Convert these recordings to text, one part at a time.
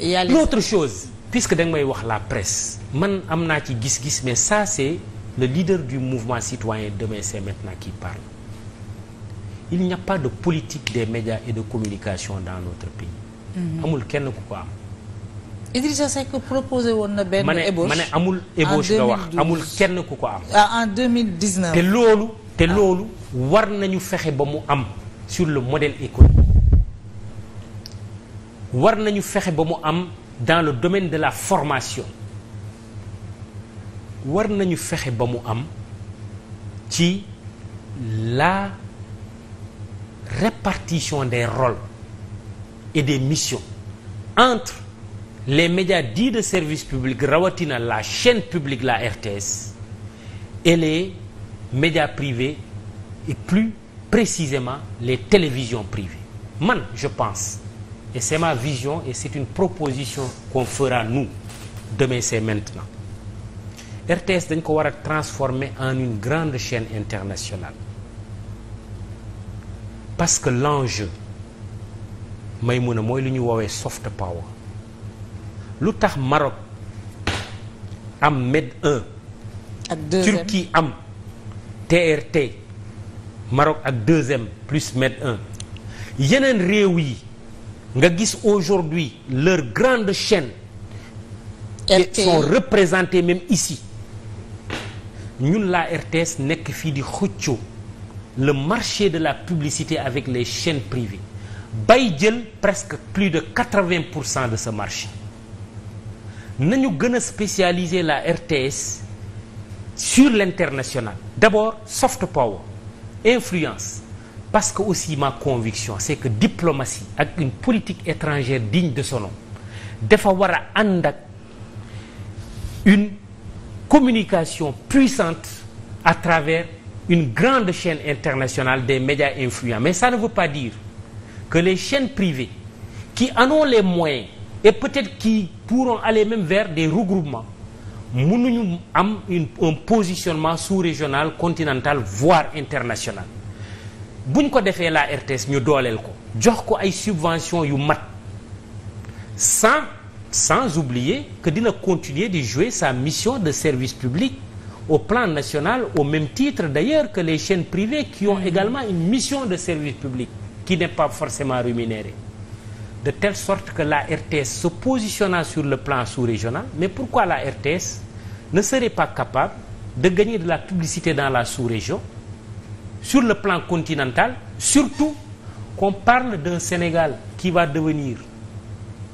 l' autre chose puisque da may wax la presse man am naa ci gis-gis mais ça c'est le leader du mouvement citoyen demain c'est maintenant qui parle il n'y a pas de politique des médias et de communication dans notre pays mhm. amul kenn ku ko am proposé woon na benn ébauche ma ne amul ébauche nga wax amul kenn ku ko am ah, en 2019 te loolu te ah. loolu war nañu fexe ba mu am sur le modèle économique war nañu fexe ba mu am dans le domaine de la formation war nañu fexe ba mu am ci la répartition des rôles et des missions entre les médias dits de service public rawatina la chaîne publique la RTS et les médias privés et plus précisément les télévisions privées man je pense Et c'est vision et c'est une proposition qu'on fera nous. Demain, c'est RTS dañ ko war a transformer en une grande chaîne internationale. Parce que l'enjeu may mun a mooy lu ñuy woowee soft power. Lu tax Maroc am Med 1. ak 2 am TRT. Maroc ak deuxième m plus Med 1. yeneen réew yi. nga gis aujourd'hui leur grandes chaînes qui sont représentées même ici ñun la RTS nekk fii di xëccoo le marché de la publicité avec les chaînes privées bay jël presque plus de 80 pour cent de sa marché nañu gën a spécialiser la RTS sur l'international d'abord soft power influence parce que aussi ma conviction c'est que diplomatie ak une politique étrangère digne de son nom dafa war a ànd ak une communication puissante à travers une grande chaîne internationale des médias influents mais ça ne veut pas dire que les chaînes privées qui en ont les moyens et peut-être qui pourront aller même vers des regroupements mënuñu am un positionnement sous-régional continental voire international bu buñ ko defee la RTS ñu dooleel ko jox ko ay subventions yu mat sans sans oublier que dina continuer di jouer sa mission de service public au plan national au même titre d'ailleurs que les chaînes privées qui ont également une mission de service public qui n'est pas forcément rémunérée de telle sorte que la RTS se positionnant sur le plan sous-régional mais pourquoi la RTS ne serait pas capable de gagner de la publicité dans la sous-région sur le plan continental surtout qu'on parle d'un Sénégal qui va devenir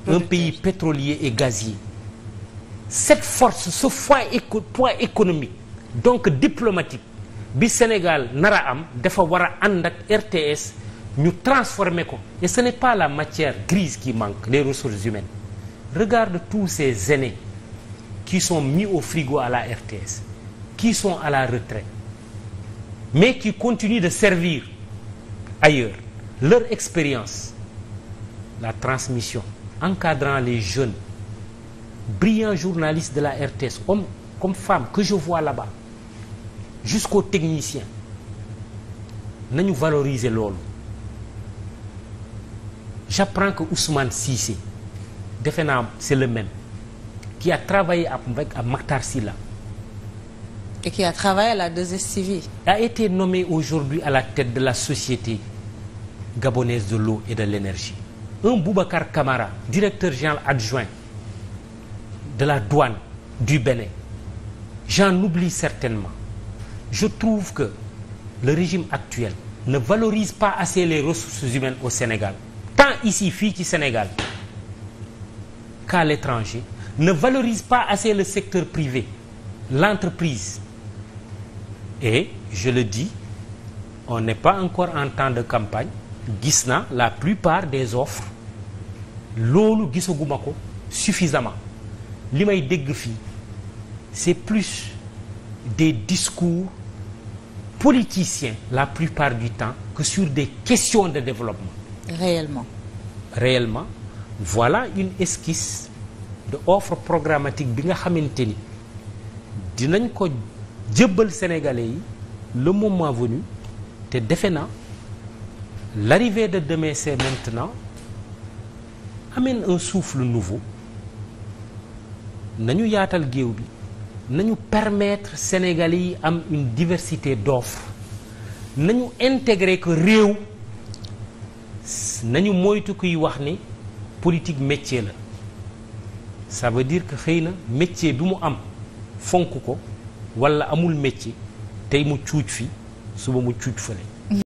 un pays pétrolier et gazier cette force ce poids éco poids économique donc diplomatique bi Sénégal nar a am dafa war a ànd ak RTS ñu transformer ko et ce n'est pas la matière grise ki manque les ressources humaines regarde tous ces aînés qui sont mis au frigo à la RTS qui sont à la retraite mais qui continuent de servir ailleurs leur expérience la transmission encadrant les jeunes brillants journalistes de la RTS hommes comme femmes que je vois là-bas jusqu'aux techniciens nañu valoriser loolu j'apprends que Ousmane Cissé defe naa c'est le même qui a travaillé avec Maktar Silla Et qui a travaillé à la 2STV. A été nommé aujourd'hui à la tête de la société gabonaise de l'eau et de l'énergie. Un Boubacar Kamara, directeur général adjoint de la douane du Bénin. J'en oublie certainement. Je trouve que le régime actuel ne valorise pas assez les ressources humaines au Sénégal. Tant ici, fii ci Sénégal, qu'à l'étranger, ne valorise pas assez le secteur privé, l'entreprise. et je le dis on n'est pas encore en temps de campagne gis na la plupart des offres loolu gisaguma ko suffisamment li may dégg fii c'est plus des discours politiciens la plupart du temps que sur des questions de développement réellement réellement voilà une esquisse de offre programmatique bi nga xamante ni dinañ ko jébbal sénégalais yi le moment venu te defe na l'arrivée de demain c'est maintenant amène un souffle nouveau nañu yaatal géew bi nañu permettre sénégalais yi am une diversité d'offres nañu intégrer que réew nañu moytu kuy wax ni politique métier la ça veut dire que xëy na métier bi mu am fonk ko wala amul métier tey mu cuuj fi suba mu cuuj fële